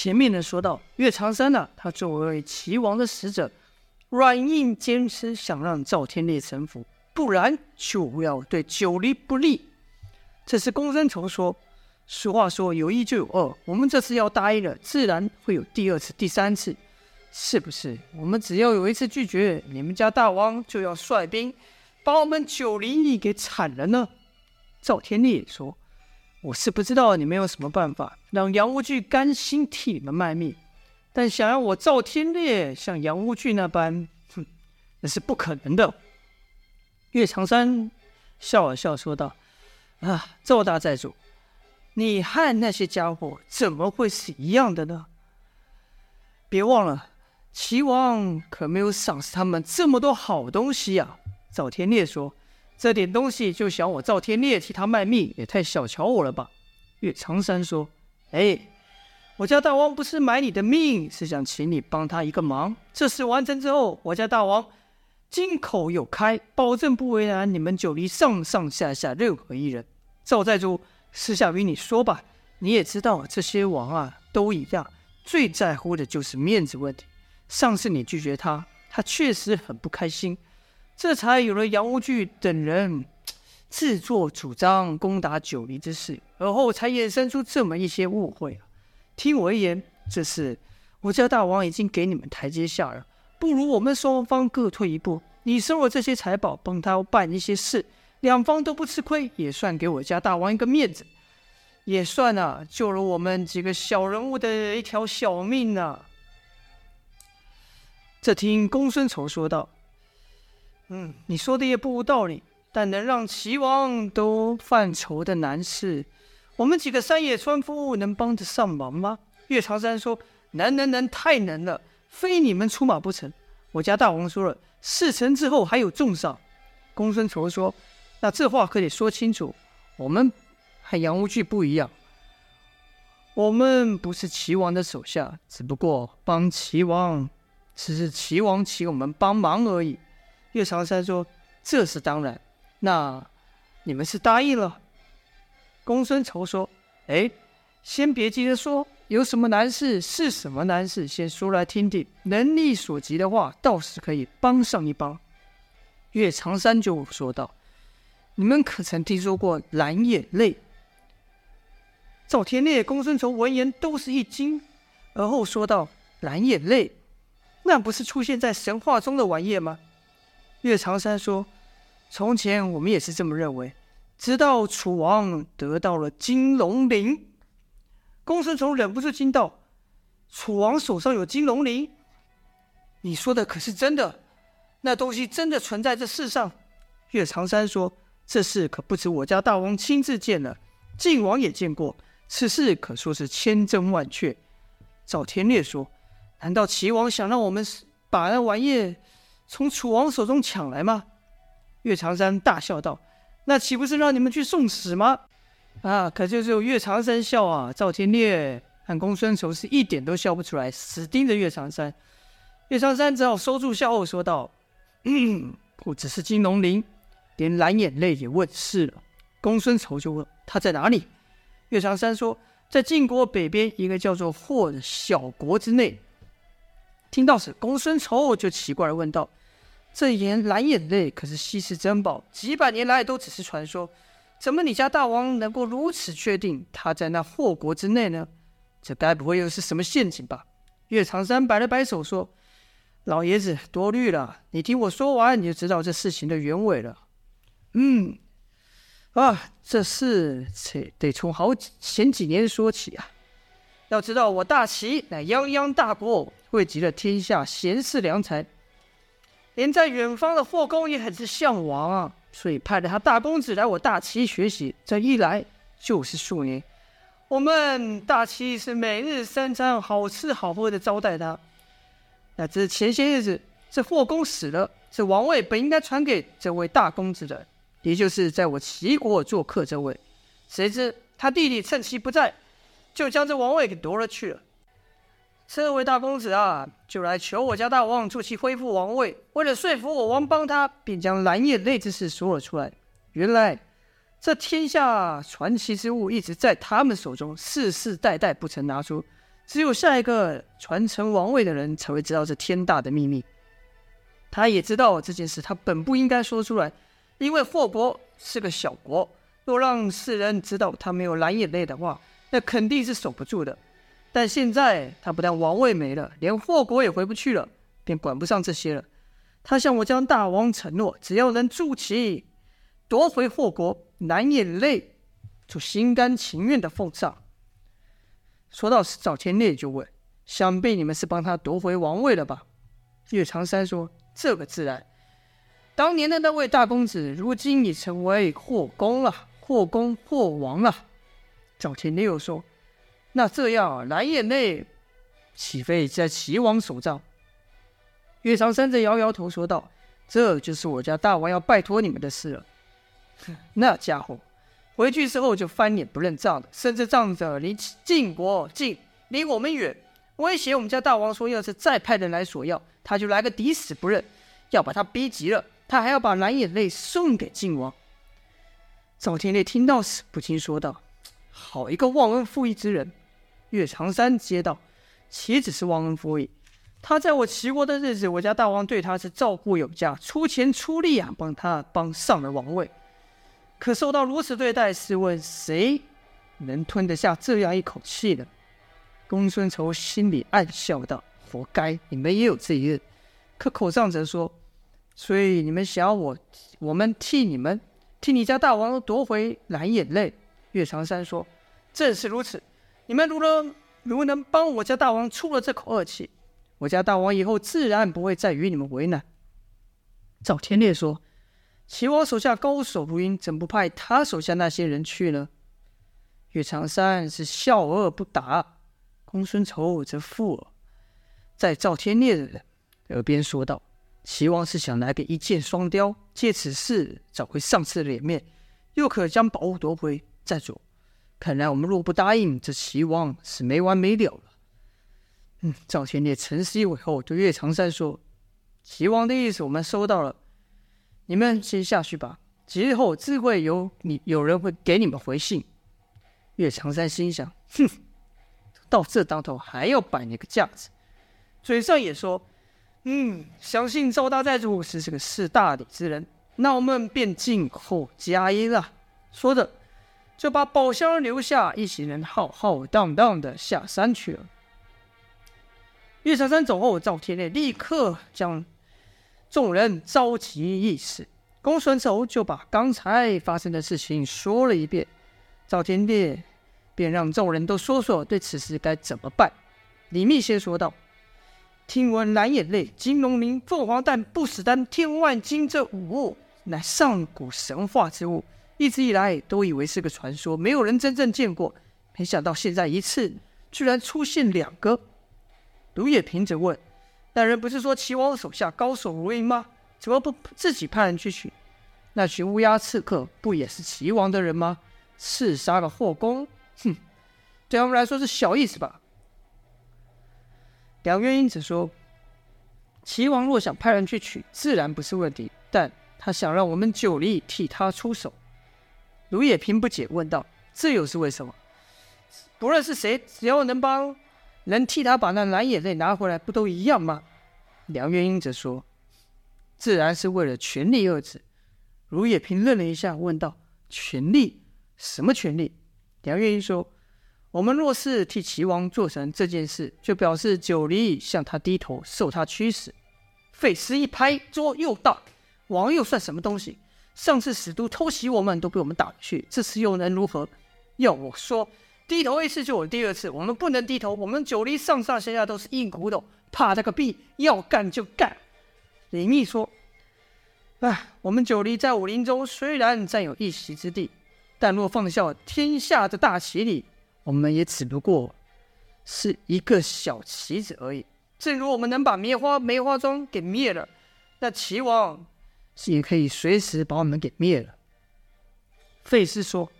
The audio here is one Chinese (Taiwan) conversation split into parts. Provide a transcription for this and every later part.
前面呢說到岳長山呢、啊，他作為齊王的使者，軟硬兼施，想讓趙天烈臣服，不然就要對九黎不利。這是公孫仇說：“俗話說，有一就有二，我們這次要答應了，自然會有第二次、第三次，是不是？我們只要有一次拒絕，你們家大王就要率兵把我們九黎給給鏟了呢？”趙天烈說。我是不知道你們有什麼辦法讓楊無懼甘心替你們賣命，但想要我趙天烈像楊無懼那般，哼，那是不可能的。岳長山笑了笑說道：“啊，趙大寨主，你和那些傢伙怎麼會是一樣的呢？別忘了，齊王可沒有賞賜他們這麼多好東西呀、啊。”趙天烈說。這點東西就想我趙天烈替他賣命，也太小瞧我了吧？岳長山說：“哎，我家大王不是買你的命，是想請你幫他一個忙。這事完成之後，我家大王金口有開，保證不為難你們九黎上上下下任何一人。趙寨主，私下與你說吧，你也知道，這些王啊都一樣，最在乎的就是面子問題。上次你拒絕他，他確實很不開心。”這才有了楊無懼等人自作主張攻打九黎之事，而後才衍生出這麼一些誤會啊！聽我一言，這是我家大王已經給你們台階下了，不如我們雙方各退一步，你收我這些財寶，幫他辦一些事，兩方都不吃虧，也算給我家大王一個面子，也算呢、啊、救了我們幾個小人物的一條小命呢、啊。這聽公孫仇說道。嗯，你說的也不無道理，但能讓齊王都犯愁的難事，我們幾個山野村夫能幫得上忙嗎？岳長山說：“難，難，難，太難了，非你們出馬不成。”我家大王說了，事成之後還有重賞。公孫痤說：“那這話可得說清楚，我們和楊無懼不一樣，我們不是齊王的手下，只不過幫齊王，只是齊王請我們幫忙而已。”岳長山說：“這是當然。”那你們是答應了？公孫仇說：“哎，先別急着說，有什麼難事，是什麼難事，先說來聽聽。能力所及的話，倒是可以幫上一幫。”岳長山就說道：“你們可曾聽說過藍眼淚？”趙天烈、公孫仇聞言都是一驚，而後說道：“藍眼淚，那不是出現在神話中的玩意嗎？”岳長山說：“從前我們也是這麼認為，直到楚王得到了金龍鱗。”公孫從忍不住驚道：“楚王手上有金龍鱗？你說的可是真的？那東西真的存在這世上？”岳長山說：“這事可不止我家大王親自見了，靖王也見過，此事可說是千真萬確。”趙天烈說：“難道齊王想讓我們把那玩意？”從楚王手中搶來嗎？岳長山大笑道：“那豈不是讓你們去送死嗎？”啊，可就只有岳長山笑啊，趙天烈和公孫仇是一點都笑不出來，死盯着岳長山。岳長山只好收住笑後說道：“嗯，不只是金龍鱗，連藍眼淚也問世了。”公孫仇就問：“他在哪裡？”岳長山說：“在晉國北邊一個叫做霍的小國之內。”聽到此，公孫仇就奇怪地問道。這眼藍眼淚可是稀世珍寶，幾百年來都只是傳說。怎麼你家大王能夠如此確定他在那霍國之內呢？這該不會又是什麼陷阱吧？岳長山擺了擺手說：“老爺子多慮了，你聽我說完，你就知道這事情的原委了。”嗯，啊，這事得從好幾前幾年說起啊。要知道，我大齊乃泱泱大國，匯集了天下賢士良才。連在遠方的霍公也很是嚮往啊，所以派了他大公子來我大齊學習。這一來就是數年，我們大齊是每日三餐好吃好喝的招待他。那這前些日子，這霍公死了，這王位本應該傳給這位大公子的，也就是在我齊國做客這位。誰知他弟弟趁其不在，就將這王位給奪了去了。這位大公子啊，就來求我家大王助其恢復王位。為了說服我王幫他，便將藍眼淚之事說了出來。原來，這天下傳奇之物一直在他們手中，世世代代不曾拿出。只有下一個傳承王位的人才會知道這天大的秘密。他也知道這件事，他本不應該說出來，因為霍伯是個小國，若讓世人知道他沒有藍眼淚的話，那肯定是守不住的。但現在他不但王位沒了，連霍國也回不去了，便管不上這些了。他向我將大王承諾，只要能助其奪回霍國，藍眼淚，就心甘情願的奉上。說到此，趙天烈就問：“想必你們是幫他奪回王位了吧？”岳長山說：“這個自然。當年的那位大公子，如今已成為霍公了，霍公霍王了。”趙天烈又說。那這樣，啊，藍眼淚豈非在齊王手上？岳長生則搖搖頭說道：“這就是我家大王要拜託你們的事了。哼那傢伙回去之後就翻臉不認賬了，甚至仗着離晉國近，離我們遠，威脅我們家大王說，要是再派人來索要，他就來個抵死不認，要把他逼急了，他還要把藍眼淚送給晉王。”趙天烈聽到此，不禁說道。好一個忘恩負義之人！岳長山接道：“豈止是忘恩負義，他在我齊國的日子，我家大王對他是照顧有加，出錢出力啊，幫他幫上了王位。可受到如此對待，試問誰能吞得下這樣一口氣呢？”公孫仇心裡暗笑道：“活該，你們也有這一日。”可口上則說：“所以你們想要我，我們替你們，替你家大王奪回藍眼淚。”岳長山說：“正是如此，你們如能如能幫我家大王出了這口惡氣，我家大王以後自然不會再與你們為難。”趙天烈說：“齊王手下高手如雲，怎不派他手下那些人去呢？”岳長山是笑而不答，公孫仇則附耳在趙天烈的耳邊說道：“齊王是想來個一箭雙鵰，借此事找回上次的臉面，又可將寶物奪回。”在座，看來我們若不答應，這齊王是沒完沒了了。嗯，趙天烈沉思一會後，對岳長山說：“齊王的意思我們收到了，你們先下去吧。幾日後自會有你有人會給你們回信。”岳長山心想：“哼，到這當頭還要擺那個架子。”嘴上也說：“嗯，相信趙大寨主是這個識大禮之人，那我們便靜候佳音了。”說着。就把寶箱留下，一行人浩浩蕩蕩的下山去了。玉長山走後，趙天烈立刻將眾人召集議事。公孫醜就把剛才發生的事情說了一遍，趙天烈便讓眾人都說說對此事該怎麼辦。李密先說道：“聽聞藍眼淚、金龍鱗、鳳凰蛋、不死丹、天外金這五物，乃上古神話之物。”一直以來都以為是個傳說，沒有人真正見過。沒想到現在一次，居然出現兩個。獨眼平子問：“那人不是說齊王的手下高手如雲嗎？怎麼不自己派人去取？那群烏鴉刺客不也是齊王的人嗎？刺殺了霍公，哼，對我們來說是小意思吧？”梁淵英子說：“齊王若想派人去取，自然不是問題。但他想讓我們九黎替他出手。”盧也平不解問道：“這又是為什麼？不論是誰，只要能幫，能替他把那藍眼淚拿回來，不都一樣嗎？”梁月英則說：“自然是為了權力二字。”盧也平愣了一下，問道：“權力？什麼權力？”梁月英說：“我們若是替齊王做成這件事，就表示九黎向他低頭，受他驅使。”費時一拍桌，又道：“王又算什麼東西？”上次使徒偷襲我們，都被我們打回去。這次又能如何？要我說，低頭一次就有第二次。我們不能低頭，我們九黎上上下下都是硬骨頭，怕他個屁！要幹就幹。李密說：“哎，我們九黎在武林中雖然占有一席之地，但若放下了天下的大棋裡，我們也只不過是一個小棋子而已。正如我們能把梅花梅花莊給滅了，那齊王……”也可以隨時把我們給滅了。”費斯說，“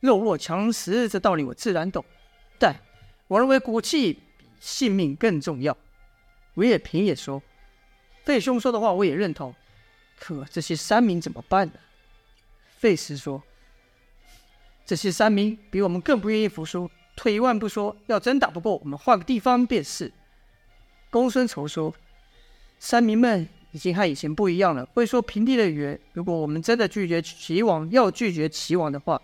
弱肉強食這道理我自然懂，但我認為骨氣比性命更重要。”韋也平也說，“費兄說的話我也認同，可這些山民怎麼辦呢？”費斯說，“這些山民比我們更不願意服輸。退一萬步說，要真打不過，我們換個地方便是。”公孫仇說，“山民們。”已經和以前不一樣了，會說平地的語言，如果我們真的拒絕齊王，要拒絕齊王的話，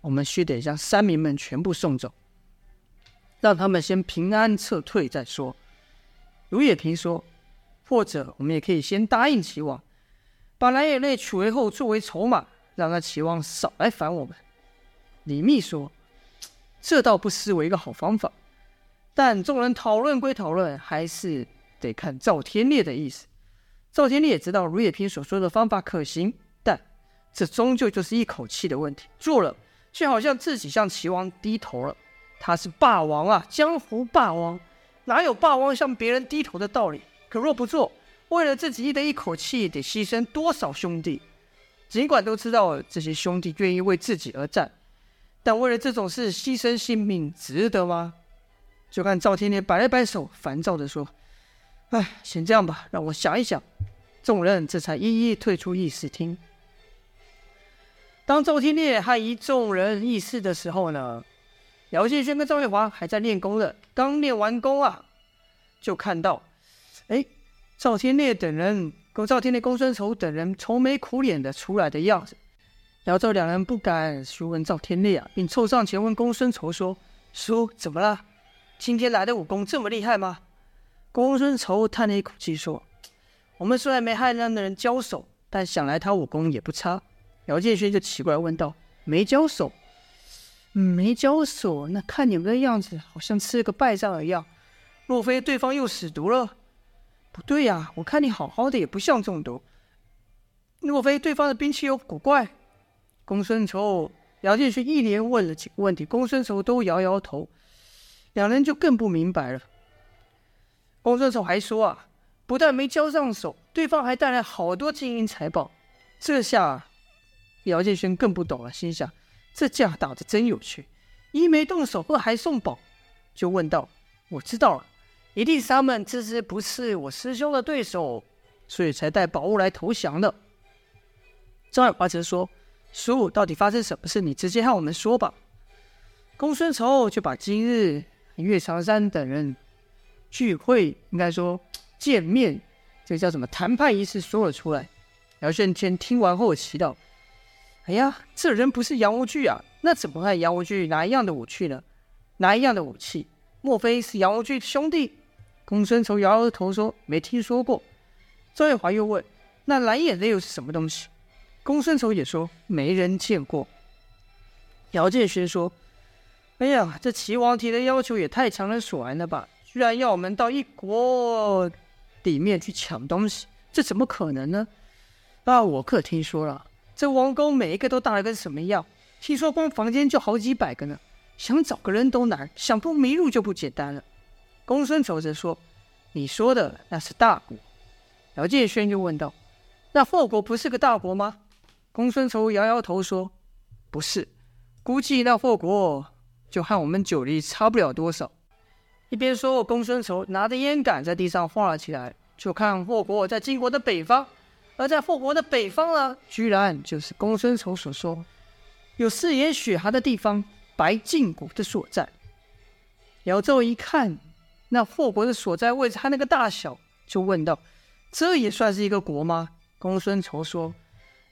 我們需得將山民們全部送走，讓他們先平安撤退再說。盧也平說：“或者我們也可以先答應齊王，把藍眼淚取回後作為籌碼，讓那齊王少來煩我們。”李密說：“這倒不失為一個好方法。”但眾人討論歸討論，還是得看趙天烈的意思。趙天烈也知道如野平所說的方法可行，但這終究就是一口氣的問題。做了，卻好像自己向齊王低頭了。他是霸王啊，江湖霸王，哪有霸王向別人低頭的道理？可若不做，為了自己的一,一口氣，得犧牲多少兄弟？儘管都知道這些兄弟願意為自己而戰，但為了這種事犧牲性命，值得嗎？就看趙天烈擺了擺手，煩躁地說：“哎，先這樣吧，讓我想一想。”眾人這才一一退出議事廳。當趙天烈和一眾人議事的時候呢，姚建軒跟趙月華還在練功呢。剛練完功啊，就看到，哎，趙天烈等人跟趙天烈、公孫仇等人愁眉苦臉的出來的樣子。姚趙兩人不敢詢問趙天烈啊，並湊上前問公孫仇說：“叔，怎麼了？今天來的武功這麼厲害嗎？”公孫仇嘆了一口氣說。我們雖然沒和那樣的人交手，但想來他武功也不差。姚建勛就奇怪問道：“沒交手？嗯、沒交手？那看你們的樣子，好像吃了個敗仗一樣。若非對方又死毒了，不對呀、啊？我看你好好的，也不像中毒。若非對方的兵器有古怪。”公孫仇、姚建勛一連問了幾個問題，公孫仇都搖搖頭，兩人就更不明白了。公孫仇還說啊。不但沒交上手，對方還帶來好多金銀財寶。這下，姚建勳更不懂了，心想：這架打得真有趣，一沒動手，二還送寶。就問道：“我知道了，一定是他們自知不是我師兄的對手，所以才帶寶物來投降的。”張愛華則說：“叔，到底發生什麼事？你直接和我們說吧。”公孫仇就把今日岳長山等人聚會，應該說。見面，這叫什麼談判儀式說了出來。姚建軒聽完後奇道：“哎呀，這人不是楊無懼啊？那怎麼和楊無懼拿一樣的武器呢？拿一樣的武器？莫非是楊無懼的兄弟？”公孫丑搖搖頭說：“沒聽說過。”周月華又問：“那藍眼淚又是什麼東西？”公孫丑也說：“沒人見過。”姚建軒說：“哎呀，這齊王提的要求也太強人所難了吧？居然要我們到一國。”裡面去搶東西，這怎麼可能呢？啊，我可聽說了，這王宮每一個都大得跟什麼樣，聽說光房間就好幾百個呢，想找個人都難，想不迷路就不簡單了。公孫仇則說：“你說的那是大國。”姚建軒就問道：“那霍國不是個大國嗎？”公孫仇搖搖頭說：“不是，估計那霍國就和我們九黎差不了多少。”一邊說，公孫仇拿着煙桿在地上畫了起來，就看霍國在晉國的北方，而在霍國的北方呢，居然就是公孫仇所說有四眼雪蛤的地方——白晉國的所在。遼胄一看那霍國的所在位置，他那個大小，就問道：“這也算是一個國嗎？”公孫仇說：“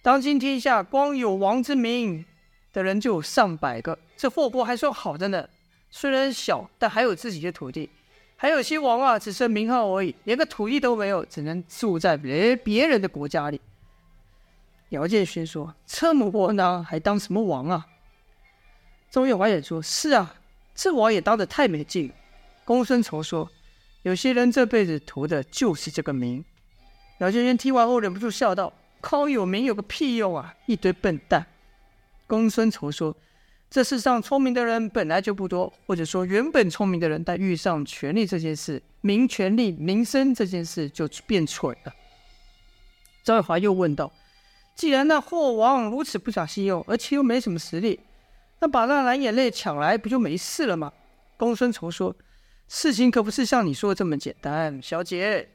當今天下，光有王之名的人就有上百個，這霍國還算好的呢。”雖然小，但還有自己的土地，還有些王啊，只是名號而已，連個土地都沒有，只能住在別別人的國家裡。姚建勳說：“這麼窩囊，還當什麼王啊？”鍾有華也說：“是啊，這王也當得太沒勁。”公孫仇說：“有些人這輩子圖的就是這個名。”姚建勳聽完後忍不住笑道：“靠有名有個屁用啊！一堆笨蛋。”公孫仇說。這世上聰明的人本來就不多，或者說原本聰明的人，但遇上權力這件事，名權利名聲這件事就變蠢了。張衛華又問道：“既然那霍王如此不講信用，而且又沒什麼實力，那把那藍眼淚搶來不就沒事了嗎？”公孫仇說：“事情可不是像你說的這麼簡單，小姐，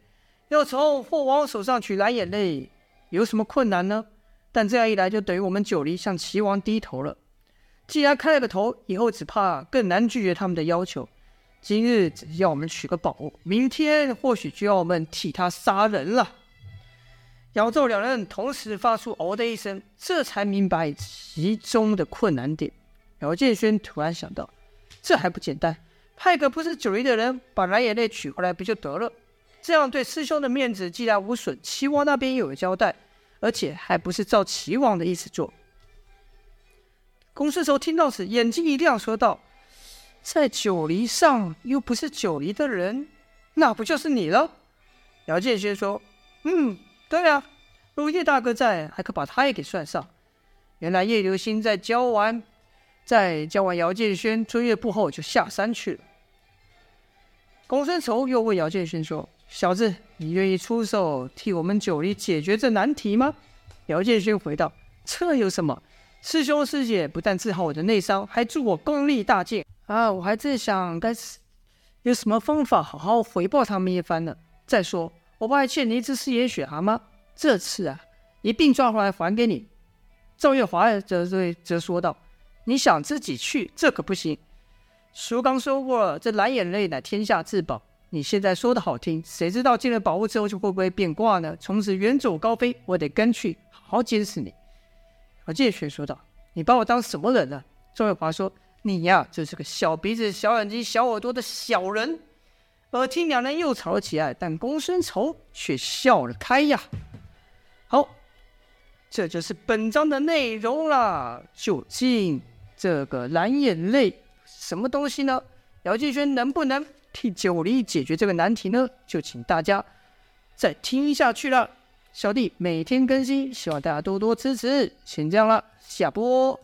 要從霍王手上取藍眼淚有什麼困難呢？但這樣一來，就等於我們九黎向齊王低頭了。”既然開了個頭，以後只怕更難拒絕他們的要求。今日只要我們取個寶物，明天或許就要我們替他殺人了。姚宙兩人同時發出“哦”的一聲，這才明白其中的困難點。姚建軒突然想到，這還不簡單，派個不是九黎的人把藍眼淚取回來不就得了？這樣對師兄的面子既然無損，齊王那邊也有交代，而且還不是照齊王的意思做。公孫仇聽到此，眼睛一亮，說道：“在九黎上又不是九黎的人，那不就是你了？”姚建軒說：“嗯，對啊，如葉大哥在，還可把他也給算上。”原來葉流心在教完在教完姚建軒追月步後，就下山去了。公孫仇又問姚建軒說：“小子，你願意出手替我們九黎解決這難題嗎？”姚建軒回道：“這有什麼？”師兄師姐不但治好我的內傷，還助我功力大進啊！我還在想該是有什麼方法好好回報他們一番呢。再說，我不還欠你一只四眼血蛤、啊、嗎？這次啊，一併抓回來還給你。趙月華則對則說道：“你想自己去，這可不行。叔剛說過，這藍眼淚乃天下至寶。你現在說得好聽，誰知道進了寶物之後就會不會變卦呢？從此遠走高飛，我得跟去，好好監視你。”姚勁軒說道：“你把我當什麼人了、啊？”周衛華說：“你呀、啊，就是個小鼻子、小眼睛、小耳朵的小人。”耳聽兩人又吵了起來，但公孫仇卻笑了開呀。好，這就是本章的內容了。究竟這個藍眼淚是什麼東西呢？姚勁軒能不能替九黎解決這個難題呢？就請大家再聽一下去了。小弟每天更新，希望大家多多支持，先這樣了，下播。